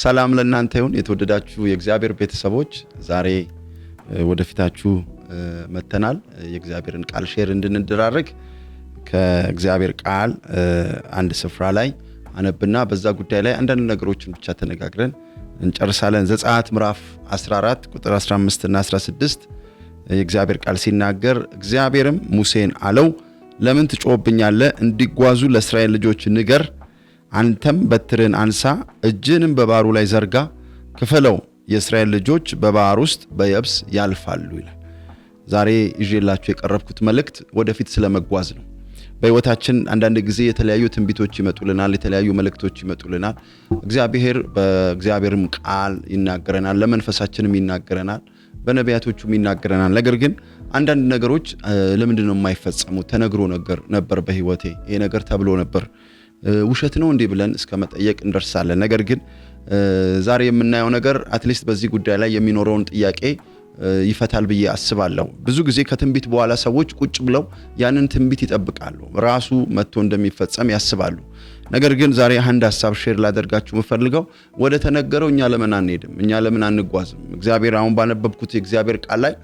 ሰላም ለእናንተ ይሁን የተወደዳችሁ የእግዚአብሔር ቤተሰቦች፣ ዛሬ ወደፊታችሁ መተናል። የእግዚአብሔርን ቃል ሼር እንድንደራረግ ከእግዚአብሔር ቃል አንድ ስፍራ ላይ አነብና በዛ ጉዳይ ላይ አንዳንድ ነገሮችን ብቻ ተነጋግረን እንጨርሳለን። ዘጸአት ምዕራፍ 14 ቁጥር 15 እና 16 የእግዚአብሔር ቃል ሲናገር እግዚአብሔርም ሙሴን አለው ለምን ትጮህብኛለህ? እንዲጓዙ ለእስራኤል ልጆች ንገር አንተም በትርን አንሳ፣ እጅንም በባሩ ላይ ዘርጋ፣ ክፈለው፣ የእስራኤል ልጆች በባሕር ውስጥ በየብስ ያልፋሉ ይላል። ዛሬ ይዤላችሁ የቀረብኩት መልእክት ወደፊት ስለመጓዝ ነው። በሕይወታችን አንዳንድ ጊዜ የተለያዩ ትንቢቶች ይመጡልናል፣ የተለያዩ መልእክቶች ይመጡልናል። እግዚአብሔር በእግዚአብሔርም ቃል ይናገረናል፣ ለመንፈሳችንም ይናገረናል፣ በነቢያቶቹም ይናገረናል። ነገር ግን አንዳንድ ነገሮች ለምንድን ነው የማይፈጸሙ? ተነግሮ ነገር ነበር፣ በህይወቴ ይሄ ነገር ተብሎ ነበር ውሸት ነው እንዴ ብለን እስከ መጠየቅ እንደርሳለን። ነገር ግን ዛሬ የምናየው ነገር አትሊስት በዚህ ጉዳይ ላይ የሚኖረውን ጥያቄ ይፈታል ብዬ አስባለሁ። ብዙ ጊዜ ከትንቢት በኋላ ሰዎች ቁጭ ብለው ያንን ትንቢት ይጠብቃሉ፣ ራሱ መጥቶ እንደሚፈጸም ያስባሉ። ነገር ግን ዛሬ አንድ ሀሳብ ሼር ላደርጋችሁ የምፈልገው ወደ ተነገረው እኛ ለምን አንሄድም? እኛ ለምን አንጓዝም? እግዚአብሔር አሁን ባነበብኩት የእግዚአብሔር ቃል ላይ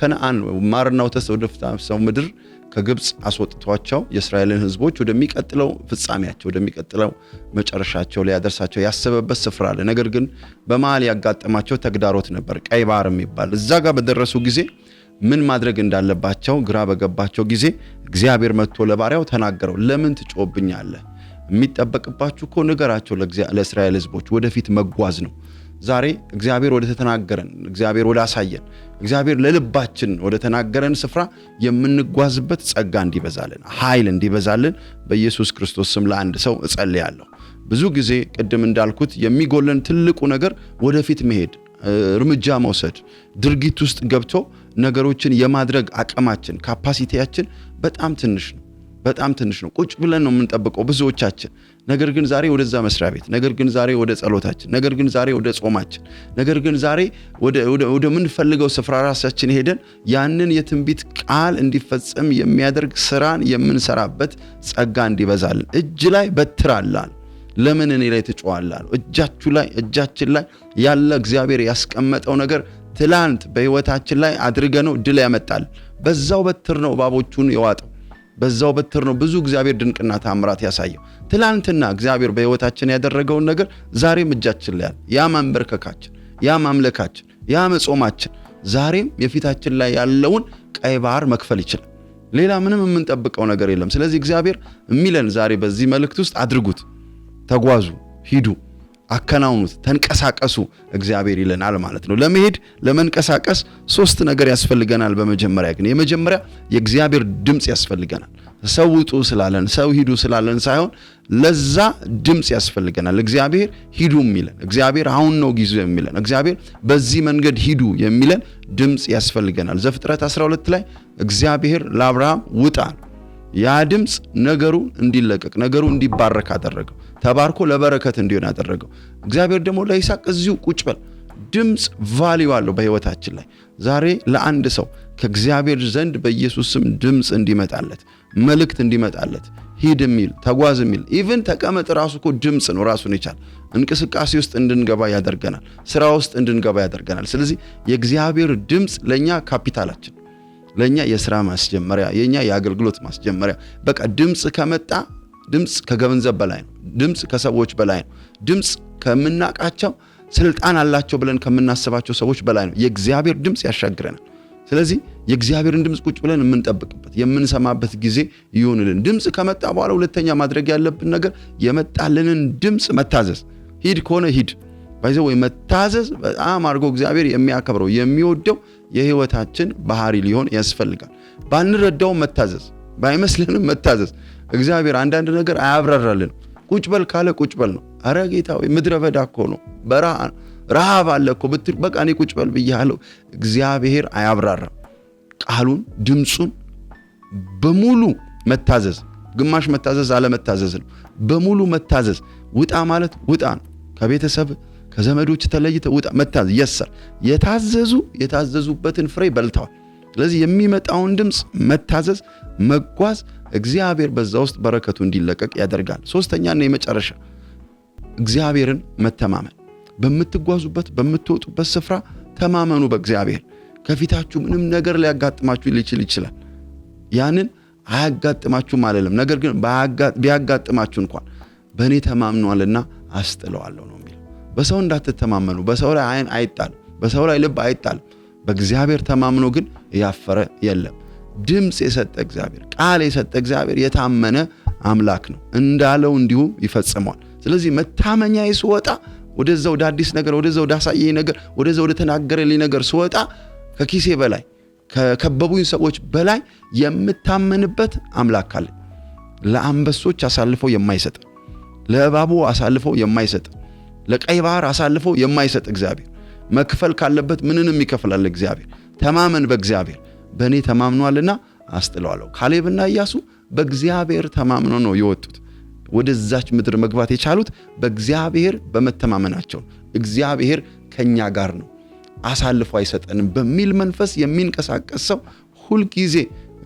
ከነአን ማርና ወተት ወደ ሰው ምድር ከግብፅ አስወጥቷቸው የእስራኤልን ህዝቦች ወደሚቀጥለው ፍጻሜያቸው ወደሚቀጥለው መጨረሻቸው ሊያደርሳቸው ያሰበበት ስፍራ አለ። ነገር ግን በመሀል ያጋጠማቸው ተግዳሮት ነበር፣ ቀይ ባህር የሚባል እዛ ጋር በደረሱ ጊዜ ምን ማድረግ እንዳለባቸው ግራ በገባቸው ጊዜ እግዚአብሔር መጥቶ ለባሪያው ተናገረው። ለምን ትጮብኛለህ? የሚጠበቅባችሁ እኮ ንገራቸው ለእስራኤል ህዝቦች ወደፊት መጓዝ ነው። ዛሬ እግዚአብሔር ወደ ተናገረን እግዚአብሔር ወደ አሳየን እግዚአብሔር ለልባችን ወደ ተናገረን ስፍራ የምንጓዝበት ጸጋ እንዲበዛልን ኃይል እንዲበዛልን በኢየሱስ ክርስቶስ ስም ለአንድ ሰው እጸልያለሁ። ብዙ ጊዜ ቅድም እንዳልኩት የሚጎለን ትልቁ ነገር ወደፊት መሄድ እርምጃ መውሰድ ድርጊት ውስጥ ገብቶ ነገሮችን የማድረግ አቅማችን ካፓሲቲያችን በጣም ትንሽ ነው። በጣም ትንሽ ነው። ቁጭ ብለን ነው የምንጠብቀው ብዙዎቻችን ነገር ግን ዛሬ ወደዛ መስሪያ ቤት፣ ነገር ግን ዛሬ ወደ ጸሎታችን፣ ነገር ግን ዛሬ ወደ ጾማችን፣ ነገር ግን ዛሬ ወደምንፈልገው ስፍራ ራሳችን ሄደን ያንን የትንቢት ቃል እንዲፈጸም የሚያደርግ ስራን የምንሰራበት ጸጋ እንዲበዛልን። እጅ ላይ በትር ለምን እኔ ላይ ትጮዋላል? እጃችሁ ላይ እጃችን ላይ ያለ እግዚአብሔር ያስቀመጠው ነገር ትላንት በህይወታችን ላይ አድርገ ድል ያመጣል። በዛው በትር ነው እባቦቹን የዋጠው። በዛው በትር ነው ብዙ እግዚአብሔር ድንቅና ታምራት ያሳየው። ትላንትና እግዚአብሔር በህይወታችን ያደረገውን ነገር ዛሬም እጃችን ላይ ያለ ያ ማንበርከካችን፣ ያ ማምለካችን፣ ያ መጾማችን ዛሬም የፊታችን ላይ ያለውን ቀይ ባህር መክፈል ይችላል። ሌላ ምንም የምንጠብቀው ነገር የለም። ስለዚህ እግዚአብሔር የሚለን ዛሬ በዚህ መልእክት ውስጥ አድርጉት፣ ተጓዙ፣ ሂዱ። አከናውኑት፣ ተንቀሳቀሱ እግዚአብሔር ይለናል ማለት ነው። ለመሄድ ለመንቀሳቀስ ሶስት ነገር ያስፈልገናል። በመጀመሪያ ግን የመጀመሪያ የእግዚአብሔር ድምፅ ያስፈልገናል። ሰው ውጡ ስላለን ሰው ሂዱ ስላለን ሳይሆን ለዛ ድምፅ ያስፈልገናል። እግዚአብሔር ሂዱ የሚለን እግዚአብሔር አሁን ነው ጊዜው የሚለን እግዚአብሔር በዚህ መንገድ ሂዱ የሚለን ድምፅ ያስፈልገናል። ዘፍጥረት 12 ላይ እግዚአብሔር ለአብርሃም ውጣ፣ ያ ድምፅ ነገሩ እንዲለቀቅ ነገሩ እንዲባረክ አደረገው። ተባርኮ ለበረከት እንዲሆን ያደረገው እግዚአብሔር ደግሞ ለይስሐቅ እዚሁ ቁጭ በል ድምፅ ቫሊው አለው በህይወታችን ላይ ዛሬ ለአንድ ሰው ከእግዚአብሔር ዘንድ በኢየሱስ ስም ድምፅ እንዲመጣለት መልእክት እንዲመጣለት ሂድ የሚል ተጓዝ የሚል ኢቭን ተቀመጥ ራሱ እኮ ድምፅ ነው ራሱን ይቻል እንቅስቃሴ ውስጥ እንድንገባ ያደርገናል ስራ ውስጥ እንድንገባ ያደርገናል ስለዚህ የእግዚአብሔር ድምፅ ለእኛ ካፒታላችን ለእኛ የስራ ማስጀመሪያ የእኛ የአገልግሎት ማስጀመሪያ በቃ ድምፅ ከመጣ ድምፅ ከገንዘብ በላይ ነው። ድምፅ ከሰዎች በላይ ነው። ድምፅ ከምናቃቸው ስልጣን አላቸው ብለን ከምናስባቸው ሰዎች በላይ ነው። የእግዚአብሔር ድምፅ ያሻግረናል። ስለዚህ የእግዚአብሔርን ድምፅ ቁጭ ብለን የምንጠብቅበት የምንሰማበት ጊዜ ይሆንልን። ድምፅ ከመጣ በኋላ ሁለተኛ ማድረግ ያለብን ነገር የመጣልንን ድምፅ መታዘዝ። ሂድ ከሆነ ሂድ ባይዘ ወይ መታዘዝ በጣም አድርጎ እግዚአብሔር የሚያከብረው የሚወደው የህይወታችን ባህሪ ሊሆን ያስፈልጋል። ባንረዳው መታዘዝ ባይመስልንም መታዘዝ። እግዚአብሔር አንዳንድ ነገር አያብራራልን። ቁጭ በል ካለ ቁጭ በል ነው። አረ ጌታ ወይ ምድረ በዳ እኮ ነው ረሃብ አለ እኮ ብትል በቃ እኔ ቁጭ በል ብያለሁ። እግዚአብሔር አያብራራም። ቃሉን ድምፁን በሙሉ መታዘዝ፣ ግማሽ መታዘዝ አለመታዘዝ ነው። በሙሉ መታዘዝ። ውጣ ማለት ውጣ ነው። ከቤተሰብ ከዘመዶች ተለይተ ውጣ መታዘዝ። የታዘዙ የታዘዙበትን ፍሬ በልተዋል። ስለዚህ የሚመጣውን ድምፅ መታዘዝ፣ መጓዝ እግዚአብሔር በዛ ውስጥ በረከቱ እንዲለቀቅ ያደርጋል። ሶስተኛና የመጨረሻ እግዚአብሔርን መተማመን። በምትጓዙበት በምትወጡበት ስፍራ ተማመኑ በእግዚአብሔር። ከፊታችሁ ምንም ነገር ሊያጋጥማችሁ ሊችል ይችላል። ያንን አያጋጥማችሁም አለለም። ነገር ግን ቢያጋጥማችሁ እንኳን በእኔ ተማምኗልና አስጥለዋለሁ ነው የሚለው። በሰው እንዳትተማመኑ። በሰው ላይ አይን አይጣል በሰው ላይ ልብ አይጣልም። በእግዚአብሔር ተማምኖ ግን ያፈረ የለም። ድምፅ የሰጠ እግዚአብሔር፣ ቃል የሰጠ እግዚአብሔር የታመነ አምላክ ነው። እንዳለው እንዲሁም ይፈጽመዋል። ስለዚህ መታመኛዬ ስወጣ ወደዛ ወደ አዲስ ነገር፣ ወደዛ ወደ አሳየኝ ነገር፣ ወደዛ ወደ ተናገረልኝ ነገር ስወጣ ከኪሴ በላይ ከከበቡኝ ሰዎች በላይ የምታመንበት አምላክ አለ። ለአንበሶች አሳልፎ የማይሰጥ ለእባቡ አሳልፎ የማይሰጥ ለቀይ ባህር አሳልፎ የማይሰጥ እግዚአብሔር መክፈል ካለበት ምንንም ይከፍላል። እግዚአብሔር ተማመን፣ በእግዚአብሔር በእኔ ተማምኗልና አስጥለዋለሁ። ካሌብና ኢያሱ በእግዚአብሔር ተማምኖ ነው የወጡት ወደዛች ምድር መግባት የቻሉት በእግዚአብሔር በመተማመናቸው። እግዚአብሔር ከኛ ጋር ነው፣ አሳልፎ አይሰጠንም በሚል መንፈስ የሚንቀሳቀስ ሰው ሁልጊዜ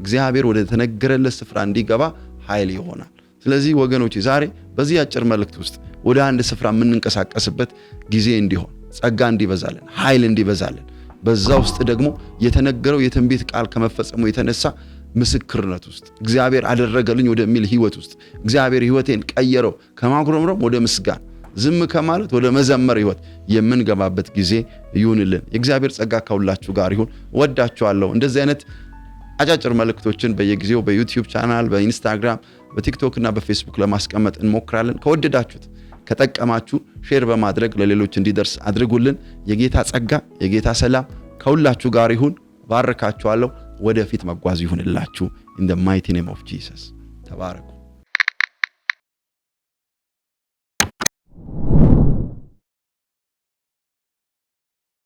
እግዚአብሔር ወደ ተነገረለት ስፍራ እንዲገባ ኃይል ይሆናል። ስለዚህ ወገኖቼ ዛሬ በዚህ አጭር መልእክት ውስጥ ወደ አንድ ስፍራ የምንንቀሳቀስበት ጊዜ እንዲሆን ጸጋ እንዲበዛልን፣ ኃይል እንዲበዛልን በዛ ውስጥ ደግሞ የተነገረው የትንቢት ቃል ከመፈጸሙ የተነሳ ምስክርነት ውስጥ እግዚአብሔር አደረገልኝ ወደሚል ህይወት ውስጥ እግዚአብሔር ህይወቴን ቀየረው ከማጉረምረም ወደ ምስጋን ዝም ከማለት ወደ መዘመር ህይወት የምንገባበት ጊዜ ይሁንልን። የእግዚአብሔር ጸጋ ከሁላችሁ ጋር ይሁን። ወዳችኋለሁ። እንደዚህ አይነት አጫጭር መልእክቶችን በየጊዜው በዩቲዩብ ቻናል፣ በኢንስታግራም፣ በቲክቶክ እና በፌስቡክ ለማስቀመጥ እንሞክራለን። ከወደዳችሁት ከጠቀማችሁ ሼር በማድረግ ለሌሎች እንዲደርስ አድርጉልን። የጌታ ጸጋ የጌታ ሰላም ከሁላችሁ ጋር ይሁን። ባርካችኋለሁ። ወደፊት መጓዝ ይሁንላችሁ። ኢን ማይቲ ኔም ኦፍ ጂሰስ ተባረኩ።